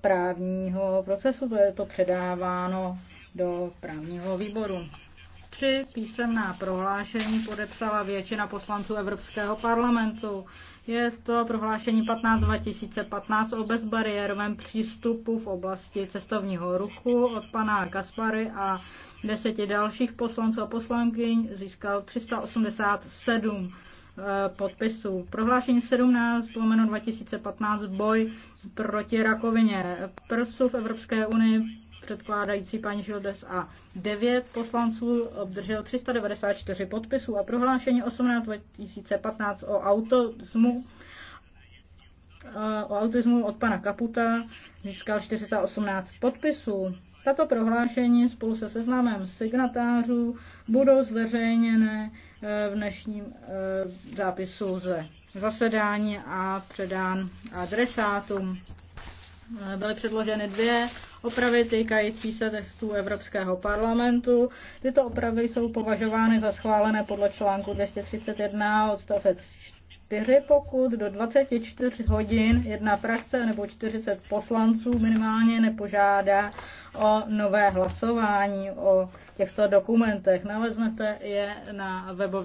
právního procesu, to je to předáváno do právního výboru. Tři písemná prohlášení podepsala většina poslanců Evropského parlamentu. Je to prohlášení 15 2015 o bezbariérovém přístupu v oblasti cestovního ruchu od pana Kaspary a deseti dalších poslanců a poslankyň získal 387. Eh, podpisů. Prohlášení 17 lomeno 2015 boj proti rakovině prsu v Evropské unii předkládající paní Žildes a 9 poslanců obdržel 394 podpisů a prohlášení 18 2015 o autismu eh, o autismu od pana Kaputa získal 418 podpisů. Tato prohlášení spolu se seznámem signatářů budou zveřejněné v dnešním eh, zápisu ze zasedání a předán adresátům. Eh, byly předloženy dvě opravy týkající se textů Evropského parlamentu. Tyto opravy jsou považovány za schválené podle článku 231 odstavec 4, pokud do 24 hodin jedna frakce nebo 40 poslanců minimálně nepožádá o nové hlasování o těchto dokumentech. Naleznete je na webové